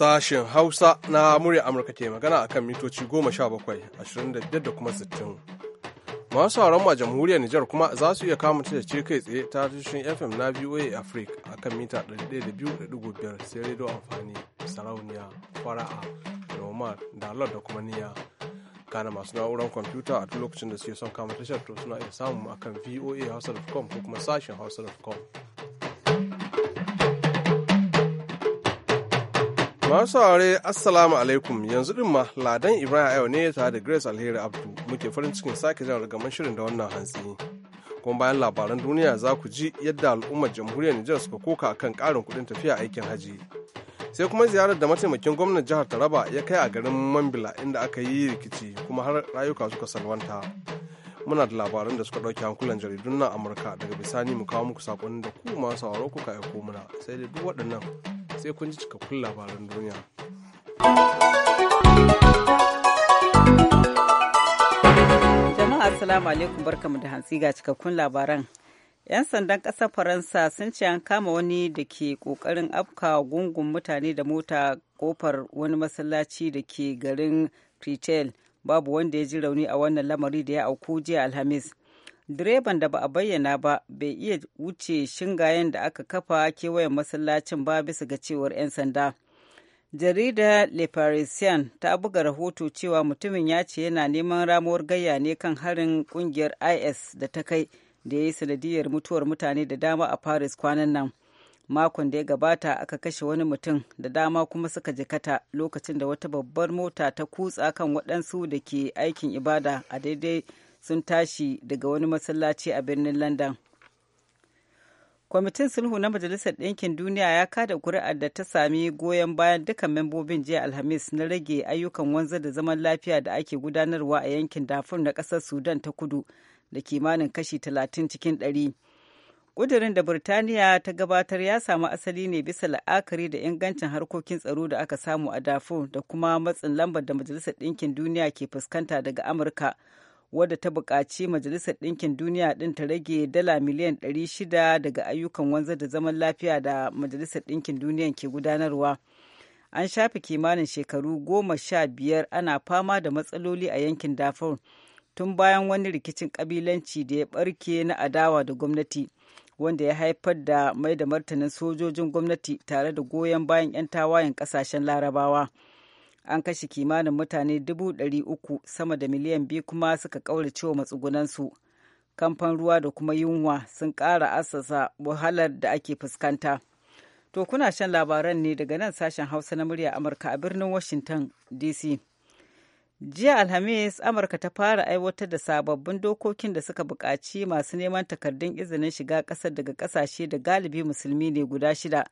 Sashen Hausa na murya Amurka ke magana a kan mitoci 17, ashirin da kuma 60. Masu sauran a jamhuriyar Nijar kuma za su iya kama ta ce kai tsaye ta tushen FM na VOA Africa a kan mita 102.5 sai rediyo amfani sarauniya fara'a noma da da kuma niya kana masu na'urar kwamfuta a duk lokacin da suke son kama tashar to suna iya a akan voa hausa.com ko kuma sashen hausa.com Masu saurare Assalamu alaikum yanzu din ma Ladan Ibrahim Ayo ne tare da Grace Alheri Abdu muke farin cikin sake jan rigaman shirin da wannan hantsi. Kuma bayan labaran duniya za ku ji yadda al'ummar jamhuriyar Nijar suka koka kan karin kuɗin tafiya aikin haji. Sai kuma ziyarar da mataimakin gwamnan jihar Taraba ya kai a garin Mambila inda aka yi rikici kuma har rayuka suka salwanta. Muna da labaran da suka ɗauki hankulan jaridun nan Amurka daga bisani mu kawo muku saƙonin da ku masu sauraro kuka aiko muna sai dai duk waɗannan sai kun ji cikakkun labaran duniya. Jama'a Assalamu alaikum barkamu da hantsi ga cikakkun labaran. 'Yan sandan ƙasar Faransa sun ce an kama wani da ke ƙoƙarin afka gungun mutane da mota ƙofar wani masallaci da ke garin Pretel, Babu wanda ya ji rauni a wannan lamari da ya auku jiya Alhamis. direban da ba a bayyana ba bai iya wuce shingayen da aka kafa kewayen masallacin ba bisa ga cewar 'yan sanda jarida le parisien ta buga rahoto cewa mutumin ya ce yana neman ramuwar gayya ne kan harin kungiyar is da ta kai da ya yi sanadiyar mutuwar mutane da dama a paris kwanan nan makon da ya gabata aka kashe wani mutum da dama kuma suka jikata lokacin da wata babbar mota ta kutsa kan waɗansu da ke aikin ibada a daidai sun tashi daga wani masallaci a birnin london kwamitin sulhu na majalisar ɗinkin duniya ya kada kuri'ar da ta sami goyon bayan duka membobin jiya alhamis na rage ayyukan wanzar da zaman lafiya da ake gudanarwa a yankin dafur na ƙasar sudan ta kudu da kimanin kashi 30 cikin 100 ƙudurin da Birtaniya ta gabatar ya samu asali ne bisa la'akari da ingancin harkokin tsaro da aka samu a dafur da kuma matsin lambar da Majalisar Ɗinkin Duniya ke fuskanta daga Amurka wadda ta buƙaci majalisar ɗinkin duniya ɗin ta rage dala miliyan 600 daga ayyukan wanzar da zaman lafiya da majalisar ɗinkin duniya ke gudanarwa an shafe kimanin shekaru goma sha biyar ana fama da matsaloli a yankin darfur tun bayan wani rikicin ƙabilanci da ya ɓarke na adawa da gwamnati wanda ya haifar da mai da martanin sojojin gwamnati tare da goyon bayan 'yan tawayen ƙasashen larabawa. an kashe kimanin mutane dubu ɗari uku sama da miliyan biyu kuma suka ƙaurace wa matsugunansu kamfan ruwa da kuma yunwa sun ƙara assasa wahalar da ake fuskanta to kuna shan labaran ne daga nan sashen hausa na murya amurka a birnin washington dc jiya alhamis amurka ta fara aiwatar da sababbin dokokin da suka buƙaci masu neman takardun izinin shiga ƙasar daga ƙasashe da galibi musulmi ne guda shida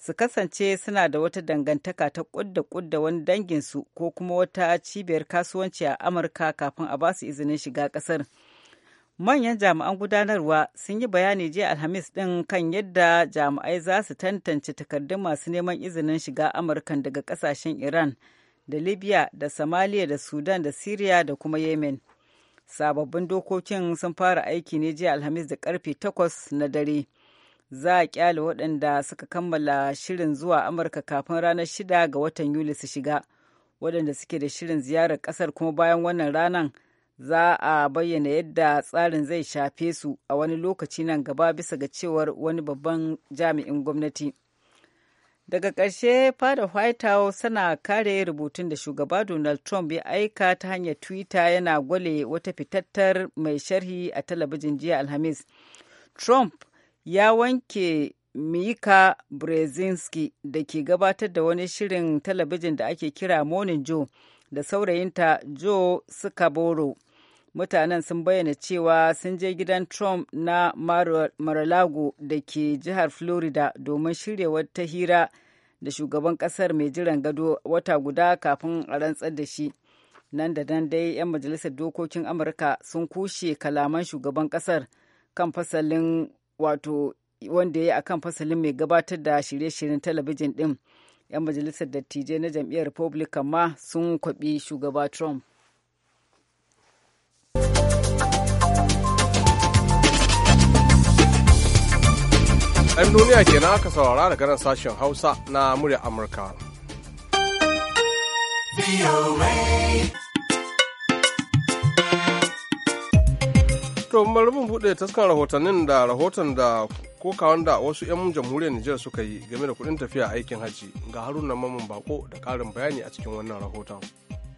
su kasance suna da wata dangantaka ta kudda kudda wani danginsu ko kuma wata cibiyar kasuwanci a amurka kafin a basu izinin shiga kasar manyan jami'an gudanarwa sun yi bayani jiya alhamis din kan yadda jami'ai za su tantance takardun masu neman izinin shiga amurkan daga kasashen iran da libya da somalia da sudan da syria da kuma yemen sababbin dokokin sun fara aiki ne jiya alhamis da karfe 8 na dare za a kyale waɗanda suka kammala shirin zuwa amurka kafin ranar shida ga watan yuli su shiga waɗanda suke da shirin ziyarar ƙasar kuma bayan wannan ranar za a bayyana yadda tsarin zai shafe su a wani lokaci nan gaba bisa ga cewar wani babban jami'in gwamnati daga ƙarshe fada white house tana kare rubutun da shugaba donald trump ya aika ta hanyar twitter yana gwale wata fitattar mai sharhi a talabijin jiya alhamis trump ya wanke Mika Brzezinski da ke gabatar da wani shirin talabijin da ake kira Morning Joe da saurayinta Joe Sukaboro. Mutanen sun bayyana cewa sun je gidan Trump na Mar-a-Lago da ke jihar Florida domin shirya wata hira da shugaban kasar mai jiran gado wata guda kafin a rantsar da shi. Nan da nan dai 'yan majalisar dokokin Amurka sun kushe kalaman shugaban kasar kan fasalin wato wanda ya yi a kan fasalin mai gabatar da shirye-shiryen talabijin ɗin yan majalisar dattijai na jam'iyyar republican ma sun kwabi shugaba trump yan duniya kenan aka saurara daga nan sashen hausa na murya amurka to mun buɗe taskan rahotannin da rahoton da kokawan da wasu 'yan jamhuriyar Nijar suka yi game da kuɗin tafiya aikin hajji ga haruna mamun bako da ƙarin bayani a cikin wannan rahoton.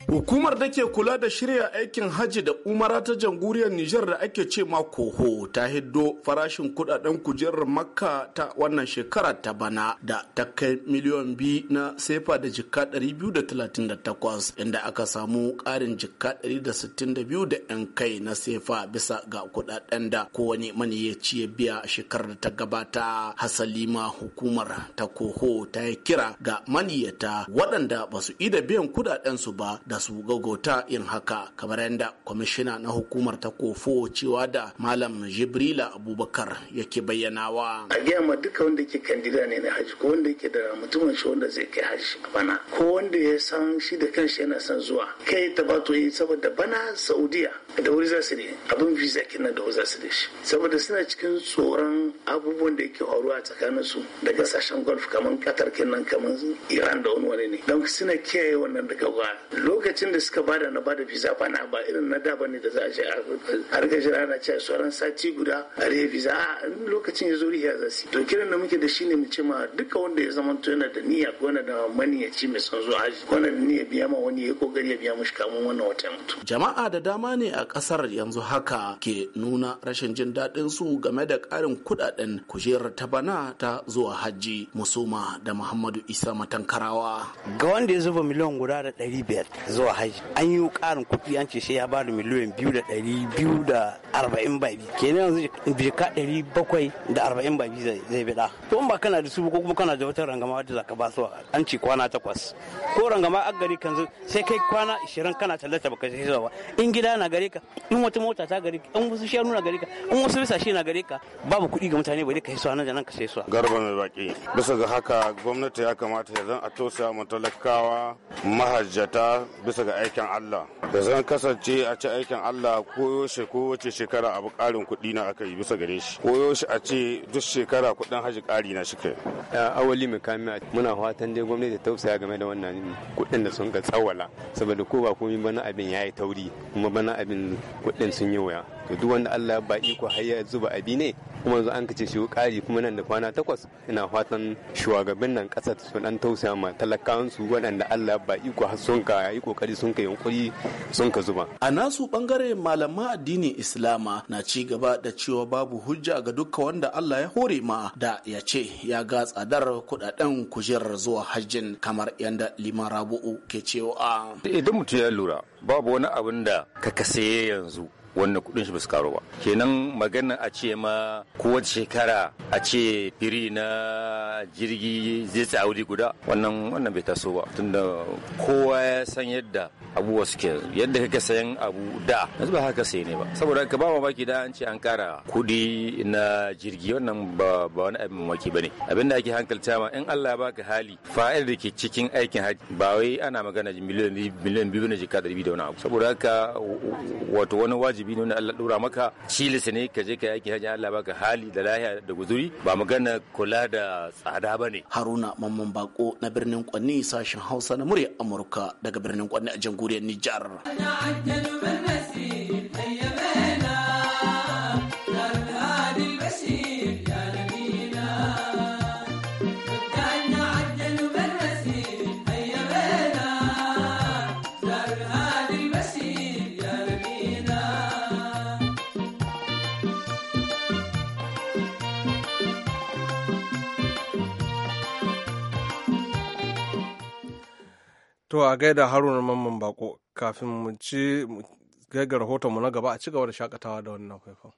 Hukumar da ke kula da shirya aikin hajji da umara ta jamhuriyar Nijar da ake ce ma koho ta hiddo farashin kudaden kujerar makka ta wannan shekara ta bana da ta kai miliyon biyu na sefa da jika 238 inda aka samu karin jika 162 da 'yan kai na sefa bisa ga kudaden da kowane maniyaci ya biya a shekarar da ta gabata hasali ma hukumar ta koho ta yi kira ga maniyata waɗanda ba su ida biyan kudaden su ba da su gaugauta yin haka kamar yadda kwamishina na hukumar ta kofo cewa da malam jibrila abubakar yake bayyanawa a gaya ma duka wanda ke kandida ne na haji ko wanda ke da mutumin shi wanda zai kai haji bana ko wanda ya san shi da kanshi yana san zuwa kai tabato yi saboda bana saudiya da wuri za su ne abin visa kenan da wuri za su shi saboda suna cikin tsoron abubuwan da yake faruwa tsakanin su da sashen golf kamar katar kenan kamar iran da wani wani ne don suna kiyaye wannan daga lokacin lokacin da suka bada na bada visa na ba irin na da bane da za a je a harkar jira ana cewa sauran sati guda a rage visa a lokacin ya zo riya za su to kiran da muke da shi ne mu ce ma duka wanda ya zama to yana da niyya ko yana da maniyaci mai son zuwa haji ko yana niyya biya ma wani ya kokari ya biya mushi kamun wannan wata mutu jama'a da dama ne a kasar yanzu haka ke nuna rashin jin daɗin su game da ƙarin kuɗaɗen kujerar ta bana ta zuwa hajji musoma da muhammadu isa matankarawa ga wanda ya zuba miliyan guda da ɗari biyar zuwa haji an yi ƙarin kuɗi an ce sai ya bada miliyan biyu da ɗari biyu da arba'in ba biyu kenan yanzu ka ɗari bakwai da arba'in ba biyu zai bi ɗa to in ba kana da su ko kuma kana da wata rangama da za ka ba su an ce kwana takwas ko rangama a gari kan sai kai kwana ishirin kana tallata baka sai zuwa in gida na gare ka in wata mota ta gare ka in wasu shanu na gare ka in wasu shi na gare ka babu kuɗi ga mutane ba ne ka sai suwa nan da nan ka sai suwa. mai zaki bisa ga haka gwamnati ya kamata ya zan a tosa matalakawa mahajjata bisa ga aikin Allah da zan kasance a ci aikin Allah koyo shi ko wace shekara abu ƙarin kuɗi na aka yi bisa gare shi koyo shi a ce duk shekara kuɗin haji ƙari na shi kai awali mai kami muna fatan dai gwamnati ta tausaya game da wannan kuɗin da sun ga tsawala saboda ko ba komai bana abin ya yi tauri kuma bana abin kuɗin sun yi waya to duk wanda Allah ba iko har ya zuba abi ne kuma yanzu an kace shi ƙari kuma nan da kwana takwas ina fatan shugaban nan ƙasar su dan tausaya ma talakawan su waɗanda Allah ba iko har sun ka yi kokari sun ka yunkuri sun ka zuba a nasu bangare malaman addinin Islama na ci gaba da cewa babu hujja ga dukka wanda Allah ya hore ma da ya ce ya ga tsadar kudaden kujerar zuwa hajjin kamar yanda liman rabu'u ke cewa idan mutum ya lura babu wani abin da ka kase yanzu wanda kudin shi ba su karo ba kenan magana a ce ma kowace shekara a ce firi na jirgi zai tsaya wuri guda wannan wannan bai taso ba tunda kowa ya san yadda abubuwa suke yadda kake sayan abu da yanzu ba haka sai ne ba saboda ka ba mamaki da an ce an kara kudi na jirgi wannan ba wani abin mamaki bane abin da ake hankalta ma in Allah ya baka hali fa'il da ke cikin aikin haji ba wai ana magana miliyan biyu ne jika da wani abu saboda haka wato wani wajibi wajibi ne Allah dora maka shi ne ka je ka yaki hajji Allah baka hali da lahiya da guzuri ba magana kula da tsada ba ne. Haruna Mamman Bako na birnin Kwanni sashen Hausa na murya Amurka daga birnin Kwanni a jamhuriyar Nijar. To a gaida Haruna Mamman Bako kafin mu ci gaggar mu na gaba a ci gaba da shakatawa da wannan faifan.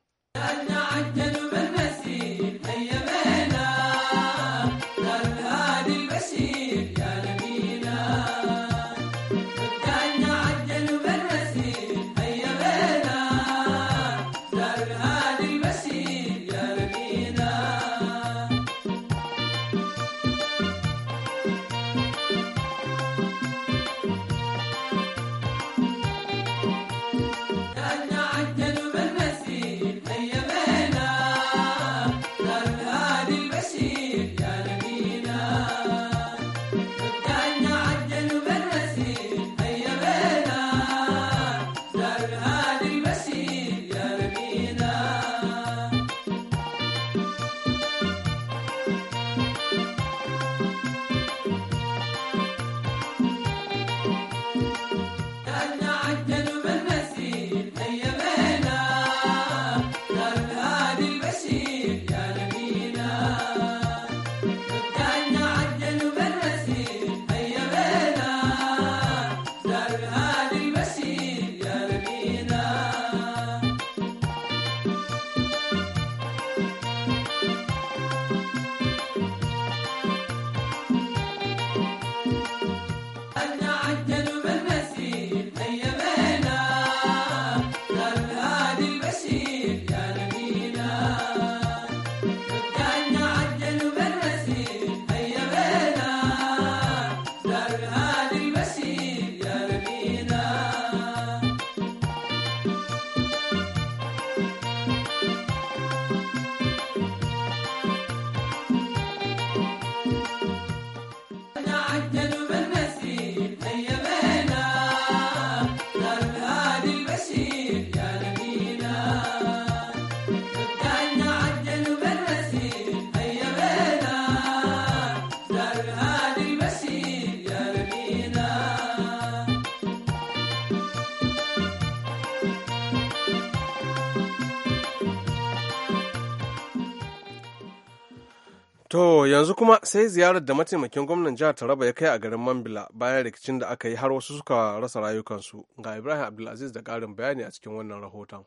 yanzu kuma sai ziyarar da mataimakin gwamnan jihar taraba ya kai a garin mambila bayan rikicin da aka yi har wasu suka rasa rayukansu ga ibrahim abdulaziz da karin bayani a cikin wannan rahoton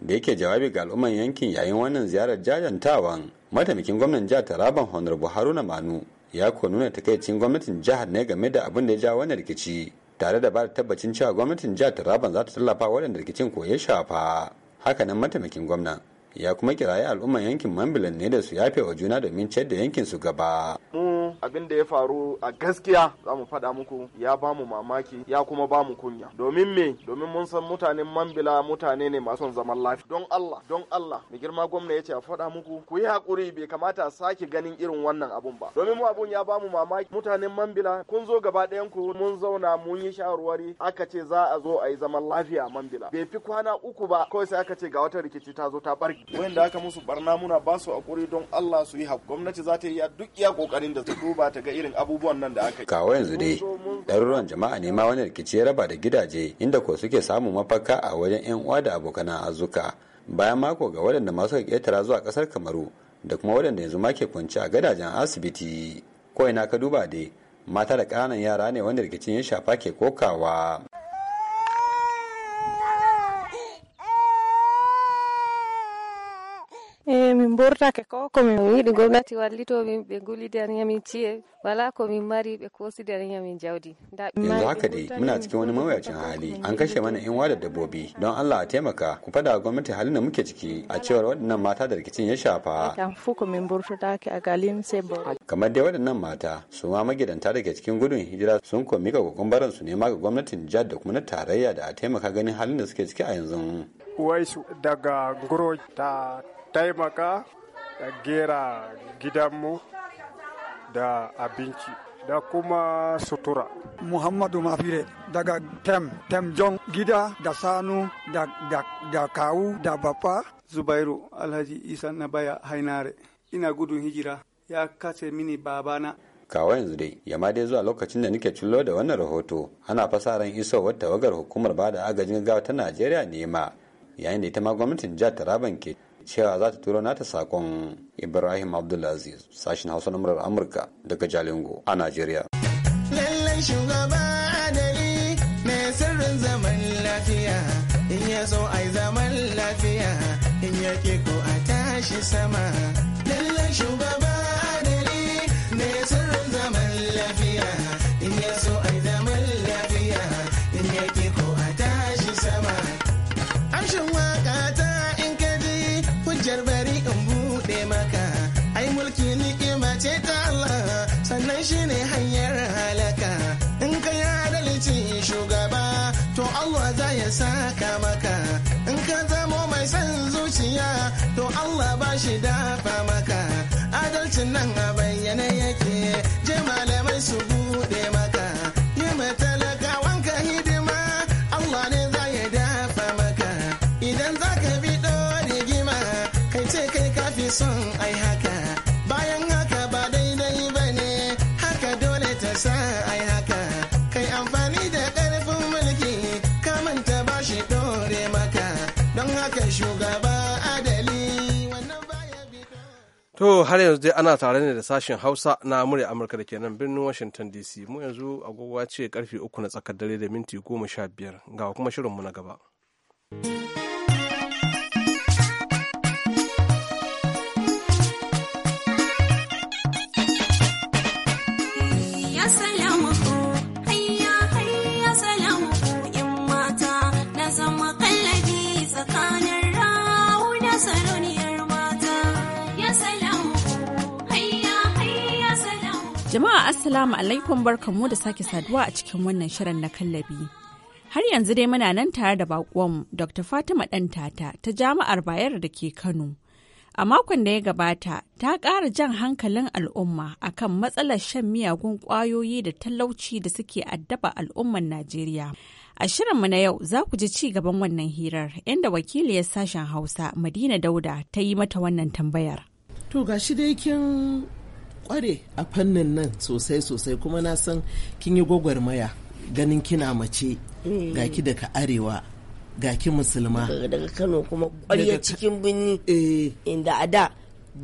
da yake jawabi ga al'umman yankin yayin wannan ziyarar jajantawan mataimakin gwamnan jihar taraban buhari na manu ya ko nuna takaicin gwamnatin jihar ne game da abin da ya ja wannan rikici tare da ba da tabbacin cewa gwamnatin jihar taraban za ta tallafa waɗanda rikicin ko ya shafa hakanan mataimakin gwamnan ya kuma kiraye al'umman yankin mambilan ne da su yafe wa juna domin ciyar da yankin su gaba. mu abin da ya faru a gaskiya za mu faɗa muku ya ba mu mamaki ya kuma ba mu kunya domin me domin mun san mutanen mambila mutane ne masu zaman lafiya don Allah don Allah mai girma gwamna ya ce a faɗa muku ku yi hakuri bai kamata a sake ganin irin wannan abun ba domin mu abun ya ba mu mamaki mutanen mambila kun zo gaba ɗayan ku mun zauna mun yi shawarwari aka ce za a zo a yi zaman lafiya a mambila bai fi kwana uku ba kawai sai aka ce ga wata rikici ta zo ta barki wanda aka musu barna muna ba su hakuri don Allah su yi hakuri gwamnati za ta yi duk iya kokarin da ta duba ta ga irin abubuwan nan da aka yi. Kawo yanzu dai ɗaruruwan jama'a ne ma wani rikici ya raba da gidaje inda ko suke samun mafaka a wajen 'yan uwa da abokan zuka Bayan mako ga waɗanda masu ƙetara zuwa ƙasar Kamaru da kuma waɗanda yanzu ma ke kwanci a gadajen asibiti. Ko ina ka duba dai mata da ƙananan yara ne wani rikicin ya shafa ke kokawa. min ko komin yiɗi gomnati ɓe yamin ciye wala komin mari ɓe yamin jawdi yanzu haka dai muna cikin wani mawuyacin hali an kashe mana 'yan wada dabbobi don allah a taimaka ku fada gwamnati halin da muke ciki a cewar waɗannan mata da rikicin ya shafa kamar dai waɗannan mata su ma magidanta da ke cikin gudun hijira sun komi ga kokumbaran su nema ga gwamnatin jihar da kuma na tarayya da a taimaka ganin halin da suke ciki a yanzu. Waisu daga ta taimaka da gera gidanmu da abinci da kuma sutura. Muhammadu Mafire daga Tem, Tem John gida da Sanu da, da, da Kawu da babba. Zubairu Alhaji Isa na baya Hainare, ina gudun hijira ya kace mini babana. Kawo yanzu dai, yamma dai zuwa lokacin da nake cillo da wannan rahoto, ana fasaran wata tawagar hukumar bada agajin gawa ta Najeriya ne nema, yayin da ita ma gwamnatin jihar Taraban ke cewa za ta turo nata sakon ibrahim abdulaziz sashen hausa na murar amurka daga jalingo a najeriya lallai shugaba adali mai sirrin zaman lafiya in ya so ai zaman lafiya in ya ko a tashi sama saka maka in ka zamo mai son zuciya to Allah ba shi dafa maka adalcin nan a bayyane yake je malamai su To har yanzu dai ana tare ne da sashen Hausa na murya Amurka da ke nan birnin Washington DC. Mu yanzu agogo ce karfe uku na tsakar dare da minti goma sha biyar ga kuma shirinmu na gaba. Jama'a Assalamu alaikum barkanmu da sake saduwa a cikin wannan shirin na kallabi. Har yanzu dai muna nan tare da baƙon Dr. Fatima Ɗantata ta Jami'ar Bayero da ke Kano. A makon da ya gabata ta ƙara jan hankalin al'umma akan matsalar shan miyagun ƙwayoyi da talauci da suke addaba al'ummar Najeriya. A shirin mu na yau za ku ji ci gaban wannan hirar inda wakiliyar sashen Hausa Madina Dauda ta yi mata wannan tambayar. To ga shi dai kin kware a fannin nan sosai sosai kuma na san kin yi gwagwarmaya ganin kina mace mm. ga ki daga arewa ga ki musulma daga kano kuma kwariya cikin binni eh. inda a da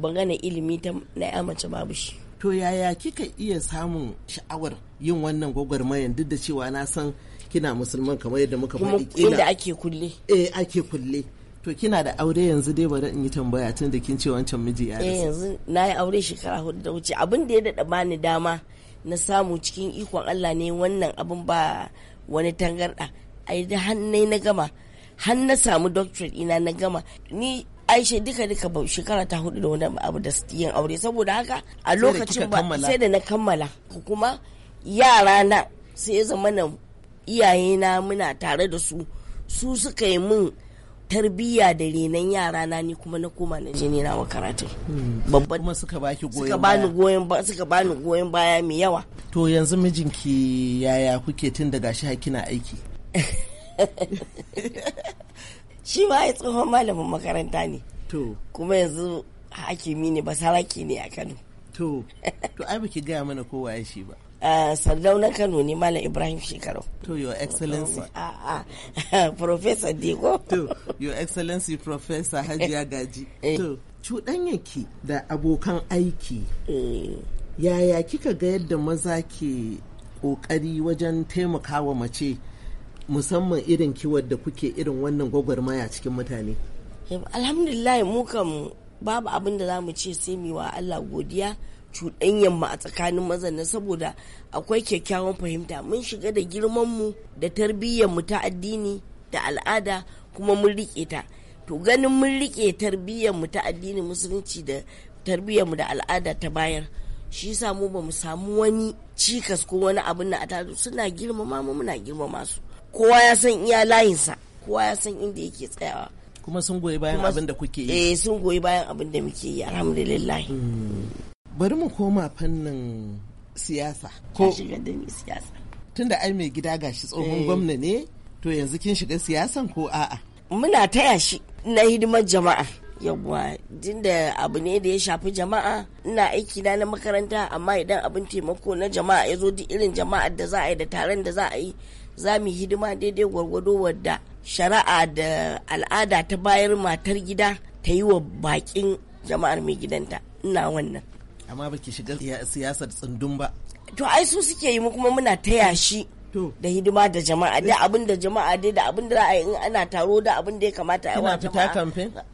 bangana ilimi ta na ya mace babu shi to yaya kika iya samun sha'awar yin wannan gwagwarmayan duk da cewa na san kina musulman kamar yadda muka faɗi inda ake kulle eh ake kulle to kina da aure yanzu dai bari in yi tambaya tun da kin ce wancan miji ya eh yanzu na yi aure shekara hudu da wuce abin da ya daɗa bani dama na samu cikin ikon Allah ne wannan abin ba wani tangarɗa ai da hannai na gama har na samu doctorate ina na gama ni aisha duka duka ba shekara ta hudu da wani abu da yin aure saboda haka a lokacin ba sai da na kammala kuma yara na sai ya zama na iyayena muna tare da su su suka yi min tarbiyya da renon yara na ni kuma na koma na je nina na karatu hmm. babban kuma suka baki goyon baya suka bani goyon baya mai yawa to yanzu mijinki yaya kuke tun daga shi hakina aiki shi ma ya tsohon malamin makaranta ne kuma yanzu hakimi ne basaraki ne a Kano To, to ai baki gaya mana kowa ya shi ba. Uh, ah, na Kano ne Malam Ibrahim Shekaru. To, Your Excellency. A'a, ah, ah. Professor Diko. To, Your Excellency Professor Hajiya Gaji. Eh. To, cuɗanyarki da abokan aiki. Eh. Yaya kika ga yadda maza ke ƙoƙari wajen taimakawa mace musamman irin kiwon da kuke irin wannan gwagwarmaya cikin mutane? Eh, alhamdulillah mu kam babu abin da za mu ce sai mu wa Allah godiya cuɗanyan mu a tsakanin mazanna saboda akwai kyakkyawan fahimta mun shiga da girman mu da tarbiyyar mu ta addini da al'ada kuma mun riƙe ta to ganin mun rike tarbiyyar mu ta addini musulunci da tarbiyyar mu da al'ada ta bayar shi yasa mu ba mu samu wani cikas ko wani abin na a suna girmama mu muna girmama su kowa ya san iya layinsa kowa ya san inda yake tsayawa kuma sun goyi bayan abin da kuke yi eh sun goyi bayan abin da muke yi alhamdulillah hmm. bari mu koma fannin siyasa ko siyasa tunda ai mai gida gashi tsohon eh. gwamna ne to yanzu kin shiga siyasan ko a'a muna taya shi na hidimar jama'a yawwa da abu ne da ya shafi jama'a ina aiki na na makaranta amma idan abin taimako na jama'a ya zo duk irin jama'a da za a yi da taron da za a yi za mu hidima daidai gwargwado wadda shari'a da al'ada ta bayar matar gida ta yi wa bakin jama'ar mai gidanta ina wannan amma ba ke shiga siyasar tsundun ba to ai su suke yi mu kuma muna taya shi da hidima da jama'a da abin da jama'a dai da abin da za a yi in ana taro da abin da ya kamata a yi wa jama'a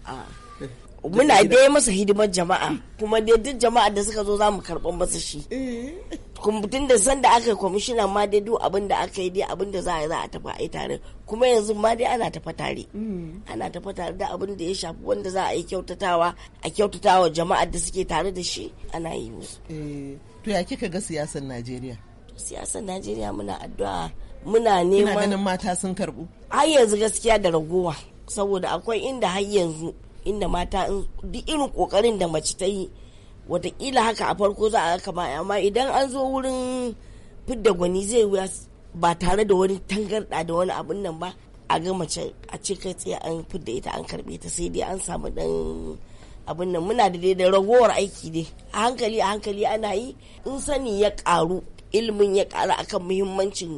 muna dai masa hidimar jama'a kuma dai duk jama'a da suka zo za mu karɓar masa shi mm-hmm. tun da san da aka yi kwamishina ma dai duk abin da aka yi dai abin da za a yi za a tafi a yi tare kuma yanzu ma dai ana tafa tare mm-hmm. ana tafa tare da abin da ya shafi wanda za a yi kyautatawa a kyautatawa jama'a da suke tare da shi ana yi musu eh, to ya kika ga siyasar najeriya siyasar najeriya muna addu'a muna neman ganin mata sun karbu har yanzu gaskiya da ragowa saboda akwai inda har yanzu inda mata duk irin kokarin da mace ta yi watakila haka a farko za a kama amma idan an zo wurin fidda gwani zai wuya ba tare da wani tangarɗa da wani abun nan ba a ga mace a ce kai tsaye an fidda ita an karbe ta sai dai an samu dan abin nan muna da da ragowar aiki dai a hankali a hankali ana yi in sani ya karu ilimin ya kara akan muhimmancin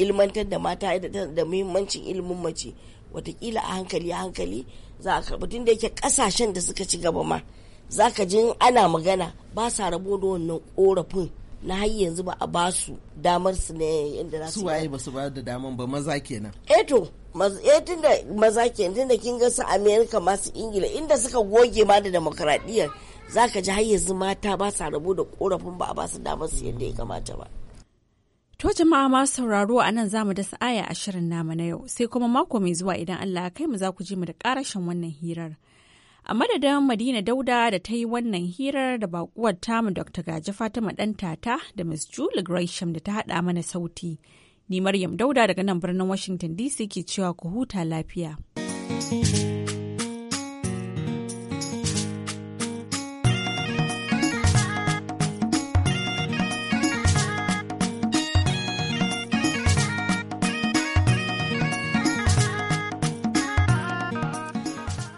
ilmantar da mata da muhimmancin ilimin mace watakila a hankali a hankali za a karɓi tun da yake kasashen da suka ci gaba ma za ka jin ana magana ba sa rabo da wannan korafin na har yanzu ba a ba su damar su ne yadda za su su waye ba su ba da daman ba maza kenan eto eh, eh tunda maza kenan tunda kin ga su America masu Ingila inda suka goge ma da demokradiyyar ka ji har yanzu mata ba sa rabo da korafin ba a ba su damar su yadda ya kamata ba To jama'a ma sauraro a nan zamu dasa aya a shirin namu na yau sai kuma mako mai zuwa idan Allah ya kai mu za ku ji mu da karashin wannan hirar. A madadin Madina Dauda da ta yi wannan hirar da bakuwar tamu Dr. Gaji Fatima ɗan tata da ms Julie Gresham da ta haɗa mana sauti. Ni Maryam Dauda daga nan birnin Washington DC ke cewa ku huta lafiya. thank you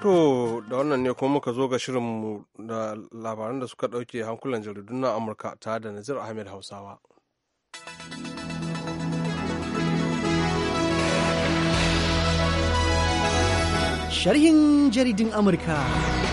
To da wannan ne kuma muka zo ga shirinmu da labaran da suka ɗauke hankulan jaridun na Amurka tare da Nazir Ahmed Hausawa. Sharhin jaridun Amurka.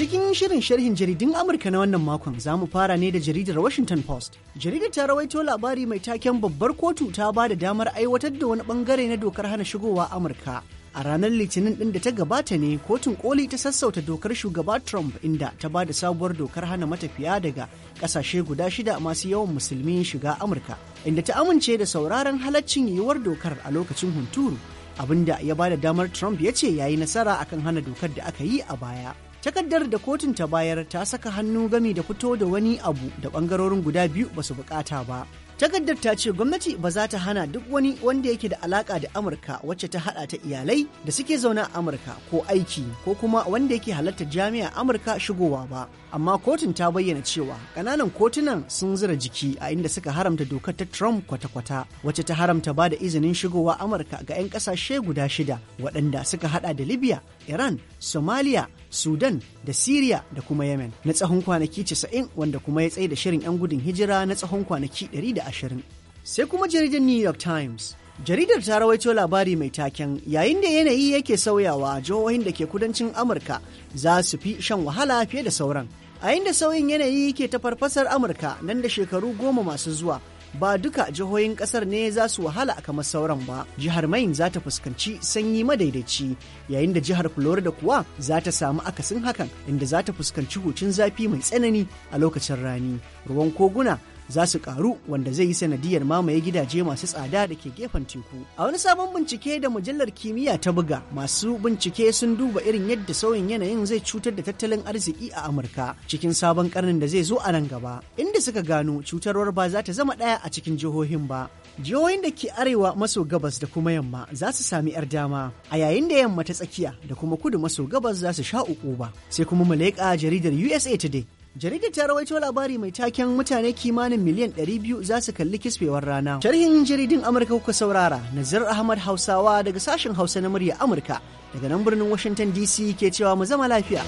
cikin shirin sharhin jaridun Amurka na wannan makon za mu fara ne da jaridar Washington Post. Jaridar ta rawaito labari mai taken babbar kotu ta ba da damar aiwatar da wani bangare na dokar hana shigowa Amurka. A ranar Litinin ɗin da ta gabata ne kotun koli ta sassauta dokar shugaba Trump inda ta ba da sabuwar dokar hana matafiya daga ƙasashe guda shida masu yawan musulmi shiga Amurka, inda ta amince da sauraron halaccin yiwuwar dokar a lokacin hunturu, abinda ya ba da damar Trump ya ce ya yi nasara akan hana dokar da aka yi a baya. takardar da kotun ta bayar ta saka hannu gami da fito da wani abu da bangarorin guda biyu ba su bukata ba takardar ta ce gwamnati ba za ta hana duk wani wanda yake da alaka da amurka wacce ta hada ta iyalai da suke zaune a amurka ko aiki ko kuma wanda yake halarta jami'a amurka shigowa ba amma kotun ta bayyana cewa kananan kotunan sun zira jiki a inda suka haramta dokar ta trump kwata-kwata wacce ta haramta ba da izinin shigowa amurka ga 'yan kasashe guda shida waɗanda suka hada da libya iran somalia Sudan da Siriya da kuma Yemen na tsahon kwanaki 90 wanda kuma ya tsaye da shirin 'yan gudun hijira na tsahon kwanaki 120. Sai kuma jaridar New York Times Jaridar ta rawaito labari mai taken yayin da yanayi yake sauyawa jihohin da ke kudancin Amurka za su fi shan wahala fiye da sauran. A inda sauyin yanayi ke ta farfasar Amurka nan da shekaru goma masu zuwa ba duka jihohin kasar ne za su wahala a kamar sauran ba jihar Main za ta fuskanci sanyi madaidaici yayin da jihar florida kuwa za ta samu akasin hakan inda za ta fuskanci hucin zafi mai tsanani a lokacin rani ruwan koguna za su karu wanda zai yi sanadiyar mamaye gidaje masu tsada da ke gefen teku. A wani sabon bincike da mujallar kimiyya ta buga, masu bincike sun duba irin yadda sauyin yanayin zai cutar da tattalin arziki a Amurka cikin sabon karnin da zai zo a nan gaba, inda suka gano cutarwar ba za ta zama ɗaya a cikin jihohin ba. Jihohin da ke arewa maso gabas da kuma yamma za su sami 'yar dama, a yayin da yamma ta tsakiya da kuma kudu maso gabas za su sha uku ba. Sai kuma mu leƙa jaridar USA Today Jaridar ta rawaito labari mai taken mutane kimanin miliyan 200 za su kalli kisfewar rana. Sharhin jaridin Amurka kuka saurara, Nazir Ahmad Hausawa daga sashen Hausa na murya Amurka, daga nan birnin Washington DC ke cewa mu zama lafiya.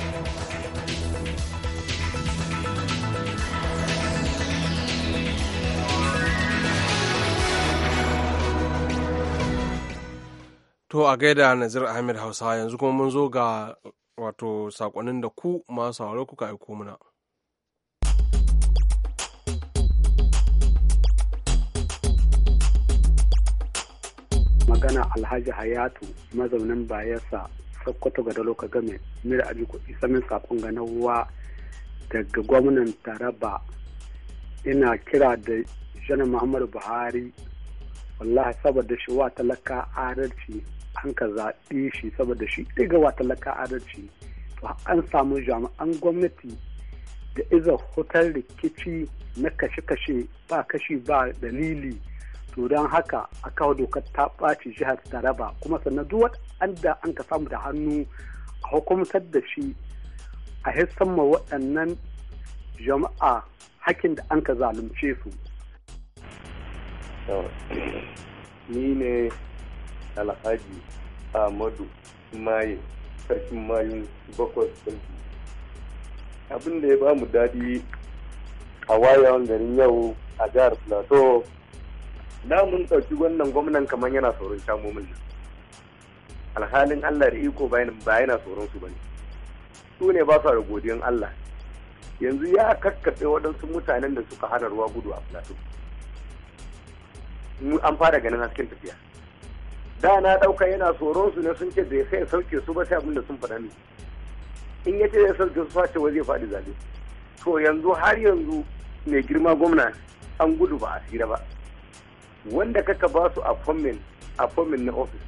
To a gaida Nazir Ahmad Hausa yanzu kuma mun zo ga wato sakonnin da ku masu sauraro kuka aiko mana. magana alhaji hayatu mazaunin bayelsa sokoto ga daloka game mira abi kuɗi samin sakon ga nawa daga gwamnan taraba ina kira da janar muhammadu buhari wallahi saboda shi wa talaka adalci an ka zaɓi shi saboda shi ɗiga wa talaka adalci to an samu jami'an gwamnati da iza hutar rikici na kashe-kashe ba kashi ba dalili to don haka a kawo dokar ta ɓaci jihar taraba kuma sannan duk wanda an ka samu da hannu a hukumtar da shi a hissan ma waɗannan jama'a hakin da an ka zalunce su ni ne alhaji ahmadu maye sarkin mayu bakwai sulki abin da ya ba mu daɗi a wayawan garin yau a jihar plateau da mun ɗauki wannan gwamnan kamar yana tsoron camomin nan alhalin allah da iko ba yana tsoron su bane su ne ba sa da godiyan allah yanzu ya kakkaɓe waɗansu mutanen da suka hana ruwa gudu a plateau an fara ganin hasken tafiya da na ɗauka yana tsoron su ne sun ce da sai sauke su ba sai abin da sun faɗa ne in ya ce zai sauke su face wa zai faɗi zabe to yanzu har yanzu mai girma gwamna an gudu ba a tsira ba wanda kaka ba su appointment fomin na ofis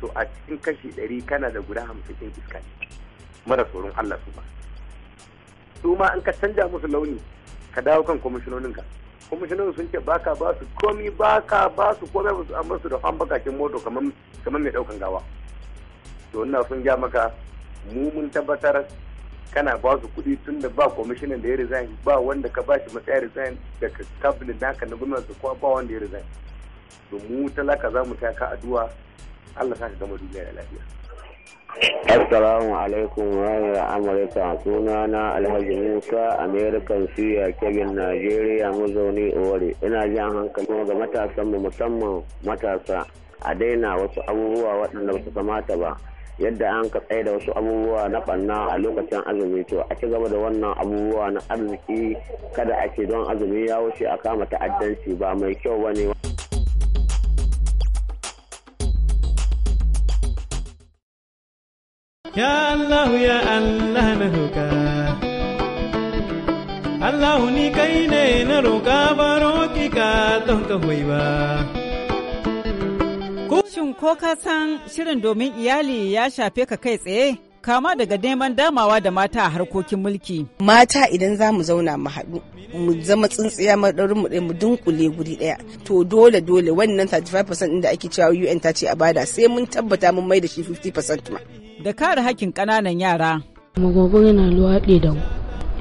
to a cikin kashi ɗari kana da guda hamsin ɗin iska ne mara tsoron Allah su ba su ma an ka canja musu launi ka dawo kan kwamishinonin ka kwamishinonin sun ce baka ba su komi baka ba su komai ba su an basu da fan bakakin moto kamar mai ɗaukan gawa to ina sun ja maka mu mun tabbatar kana ba su kuɗi tun da ba kwamishinan da ya resign ba wanda ka ba shi matsayar resign daga cabinet naka na gwamnati ko ba wanda ya resign to mu talaka za mu ta ka addu'a Allah sa ka gama duniya da lafiya Assalamu alaikum wa Amurka suna na Alhaji Musa American Suya Kebin Najeriya mazauni Owari ina jan hankali ga matasan mu musamman matasa a daina wasu abubuwa waɗanda ba su kamata ba yadda an ka tsaye da wasu abubuwa na banna a lokacin azumi to a ci gaba da wannan abubuwa na arziki kada ake don azumi ya wuce a kama ta'addanci ba mai kyau ba ne. Ya Allah ya Allah na roƙa Allah ni kai ne na roƙa baro ki ka don ka ba. Shin ko ka san shirin domin iyali ya shafe ka kai tsaye? Kama daga neman damawa da mata a harkokin mulki. Mata idan za mu zauna mu haɗu, mu zama tsintsiya maɗaurin mu mu dunkule guri ɗaya. To dole dole wannan 35% ɗin da ake cewa UN ta ce a bada sai mun tabbata mun mai da shi 50% ma. Da kare hakkin ƙananan yara. Magogo yana luwaɗe da mu.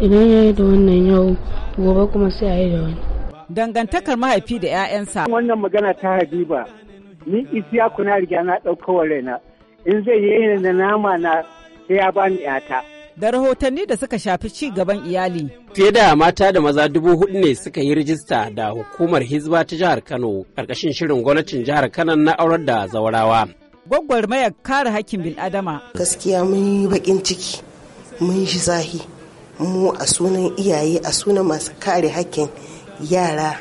Idan ya yi da wannan yau, gobe kuma sai a yi da wani. Dangantakar mahaifi da 'ya'yansa. Wannan magana ta Habiba ni isiya kuna riga na ɗauko raina in zai yi da nama na sai ya bani yata. Da rahotanni da suka shafi ci gaban iyali. Fiye da mata da maza dubu hudu ne suka yi rijista da hukumar Hizba ta jihar Kano ƙarƙashin shirin gwamnatin jihar Kano na aurar da zawarawa. Gwaggwarmayar kare hakkin bil'adama. Gaskiya mun yi baƙin ciki, mun shi zahi, mu a sunan iyaye a sunan masu kare hakkin yara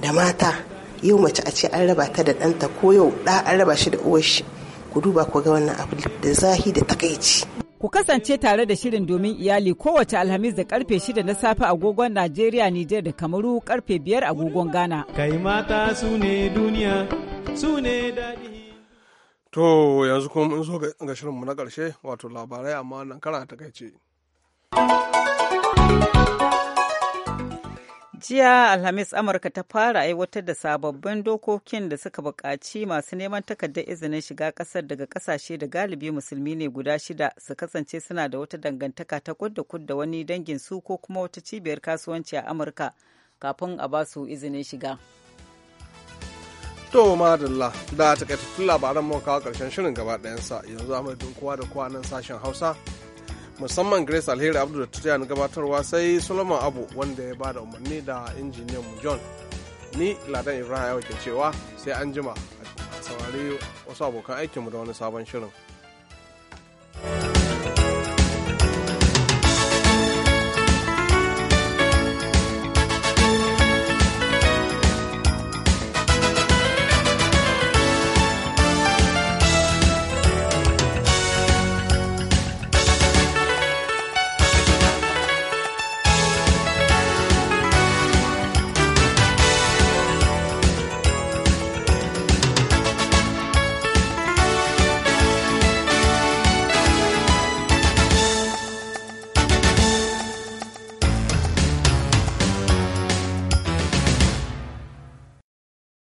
da mata yau mace a ce an raba ta da ɗanta ko yau ɗa an raba shi da uwar shi ku duba ku ga wannan abu da zahi da takaici. Ku kasance tare da shirin domin iyali kowace alhamis da karfe 6 na safe agogon Najeriya, Nijar da Kamaru karfe 5 agogon Ghana. Kai mata su ne duniya, su ne daɗi. To yanzu kuma mun zo ga mu na karshe wato labarai amma nan kana takaice. jiya alhamis amurka ta fara aiwatar da sababbin dokokin da suka buƙaci masu neman takardar izinin shiga ƙasar daga ƙasashe da galibi musulmi ne guda shida su kasance suna da wata dangantaka ta kud da wani dangin su ko kuma wata cibiyar kasuwanci a amurka kafin a ba su izinin shiga To madalla da takaitattun labaran mu kawo karshen shirin gaba ɗayansa yanzu a kowa da kowa nan sashen Hausa musamman grace alheri abdu da ta na gabatarwa sai solomon abu wanda ya bada umarni da injiniyan mu john ni ladan ibrahim ke cewa sai an jima a saurari wasu abokan aikinmu da wani sabon shirin